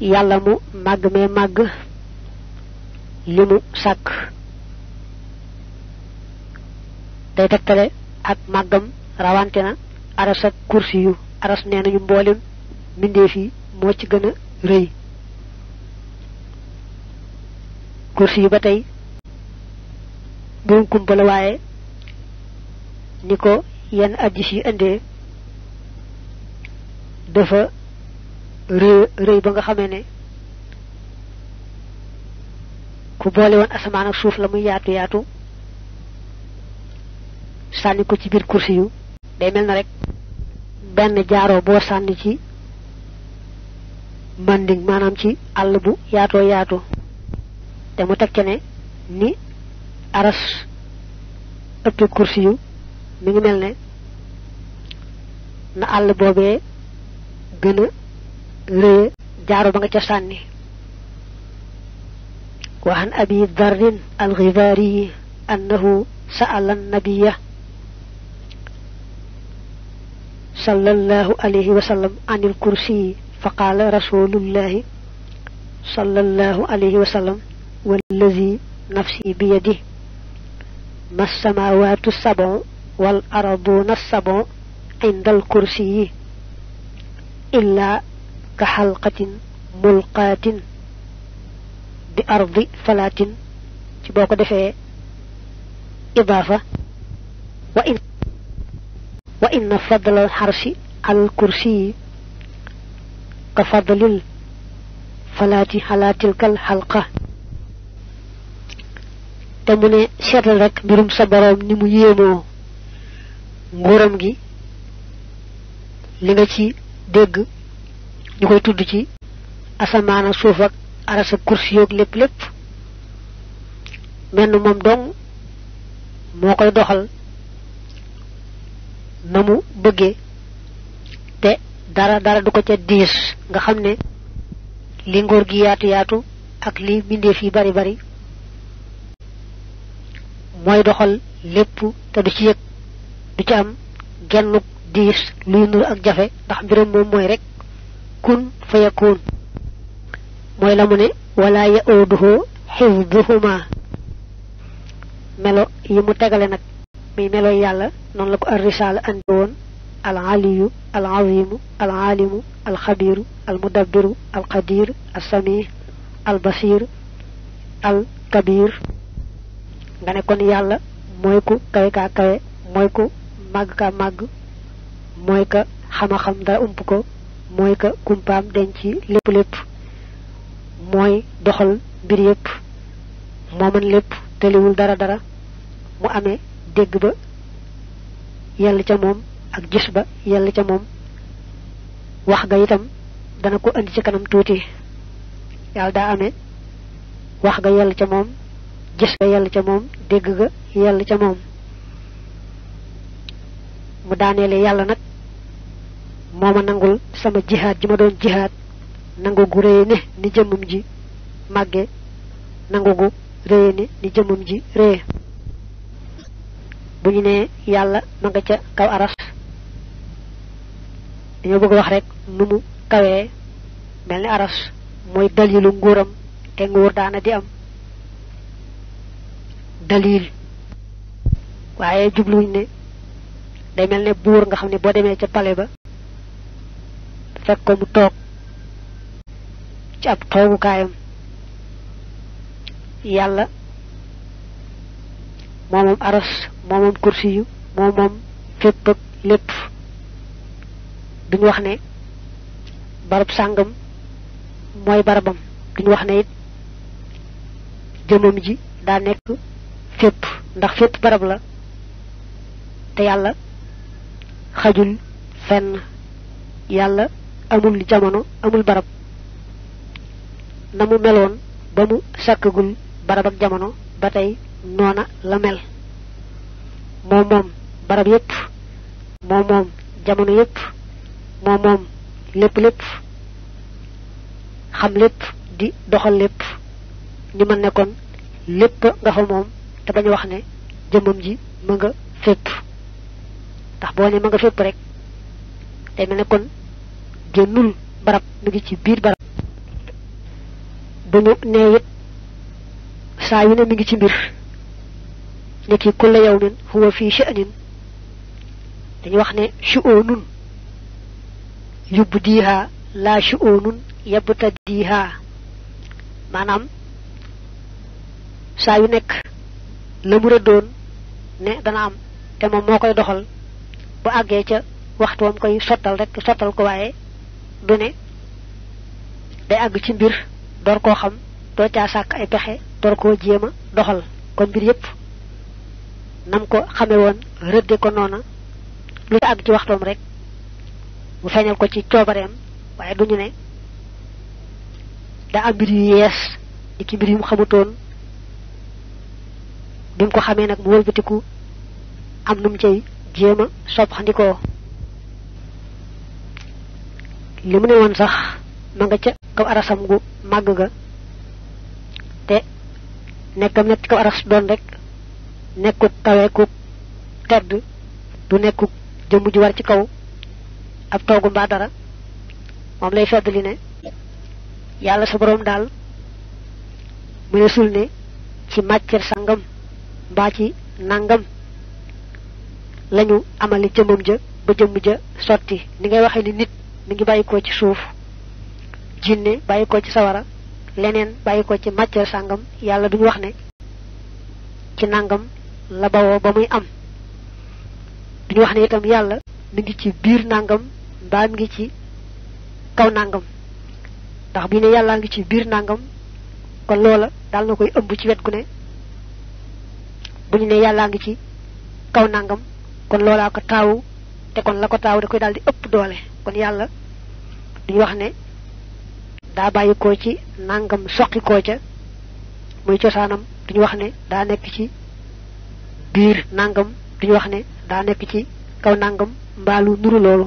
yàlla mu màgg mee màgg li mu sàkk day tegtale ak màggam rawante na aras ak kursi yu aras nee nañu mboolem mbindeef yi moo ci gën a rëy kursi yu ba tey burum kumpa waaye ni ko yenn addis yi indee dafa reuy ba nga xamé né ku bolé won asamaan suuf la muy yaatu yaatu sànni ko ci bir kursi yu day mel rek ben jaaro bo sànni ci manding manam ci àll bu yaatoo yaatu te mu teg ne ni aras ëpp kursi yu mi ngi melne na àll bobé gëna lëye jaaro ba nga ca sànni وعن أبي ذر الغفاري أنه سأل النبي صلى الله عليه وسلم عن الكرسي فقال رسول الله صلى الله عليه وسلم والذي نفسي بيده ما السماوات السبع والأرضون السبع عند الكرسي إلا كحلقة ملقاة بأرض فلاة تبوك دفع إضافة وإن وإن فضل الحرش الكرسي كفضل الفلاة على تلك الحلقة تمني mu برم صبر rek يمو sa boroom gi li nga ci ñu koy tudd ci asamaana suuf ak arasa kursi lépp lépp menn moom dong moo koy doxal na mu bëggee te dara dara du ko ca diis nga xam ne li ngóor gi yaatu yaatu ak li mbindeef yi bari bari mooy doxal lépp te du ci yëg du ci am genn diis luy nur ak jafe ndax mbiram moom mooy rek kun fa yakun mooy la mu ne wala yauduhu xifduhuma melo yi mu tegale nag muy melo yàlla noonu la ko ar risaala andi woon al aliyu al azimu al alimu al xabiru al mudabbiru al qadir al sami al basir al kabir nga ne kon yàlla mooy ku kawe kaa kawe mooy ku màgg kaa màgg mooy ka xama xam dara ump ko mooy ka kumpaam denc ci lépp lépp mooy doxal mbir yépp moo mën lépp tëliwul dara dara mu amee dégg ba yàlla ca moom ak gis ba yàlla ca moom wax ga itam dana ko indi ci kanam tuuti yàlla daa amee wax ga yàlla ca moom gis ga yàlla ca moom dégg ga yàlla ca moom mu daaneele yàlla nag moma nangul sama jihad jima don jihad nangu gu reene ni jëmum ji magge nangu gu reene ni jëmum ji reye bu ñu ne yalla ma nga ca kaw aras dañoo bëgg wax rek nu mu kawé melni aras mooy dalilu nguuram te nguur daana di am dalil waaye jubluñ ne day mel ne buur nga xam ne boo demee ca ba fekk ko mu toog ci ab toogukaayam yàlla moomam aras moomam kursi yu moomam fépp ak lépp duñ wax ne barab sàngam mooy barabam duñ wax ne it jëmam ji daa nekk fépp ndax fépp barab la te yàlla xajul fenn yàlla amul jamono amul barab namu melon, bamu sakugul, barab ak jamono batay nona lamel, la mel mom mom barab yep, momom, mom jamono yep, momom, mom lepp lepp xam lepp di doxal lepp ñu nekon, ne kon lépp nga xam mom te bañ wax ne jëmum ji ma nga fepp tax bo ne ma nga fepp rek kon génnul barab mi ngi ci biir barab bu ñu nee it saa yu ne mi ngi ci mbir nekki kulla yawmin huwa fii sha'nin dañuy wax ne shu'unun yubdiha laa shu'unun yabtadiha maanaam saa yu nekk la mu rëddoon ne dana am te moom moo koy doxal bu àggee ca waxtu wam koy sottal rek sottal ko waaye du ne day àgg ci mbir door koo xam doo caa sàkk ay pexe door koo jéem doxal kon mbir yépp nam ko xame woon rëdde ko noona lu ca àgg ci waxtoom rek mu feeñal ko ci coobareem waaye duñu ne daa am mbir yu yees di ki mbir yu xamutoon bi ko xamee nag mu wëlbatiku am nu mu cay jéem a limu ne won sax ma nga ca kaw arasam gu mag ga te nekkam net kaw aras don rek nekkuk kawe ku tedd du nekkuk jëmm ju war ci kaw ab togu ba dara mom lay fedd li ne yalla su borom dal mu ne ne ci màcceer sangam ba ci nangam lañu ja ba jëm ja ni ngay waxe ni nit mi ngi bàyyikoo ci suuf jinne bàyyikoo ci sawara leneen bàyyikoo ci matière sàngam yàlla duñu wax ne ci nàngam la bawoo ba muy am duñu wax ne itam yàlla mi ngi ci biir nàngam mbaa ngi ci kaw nàngam ndax bu ñu ne yàllaa ngi ci biir nàngam kon loola daal na koy ëmb ci wet ku ne bu ñu ne yàllaa ngi ci kaw nàngam kon loolaa ko taawu te kon la ko taawu da koy daal di ëpp doole kon yàlla duñu wax ne daa bàyyi koo ci nangam soqi koo ca muy cosaanam duñu wax ne daa nekk ci biir nangam duñu wax ne daa nekk ci kaw nangam mbaalu nuru loolu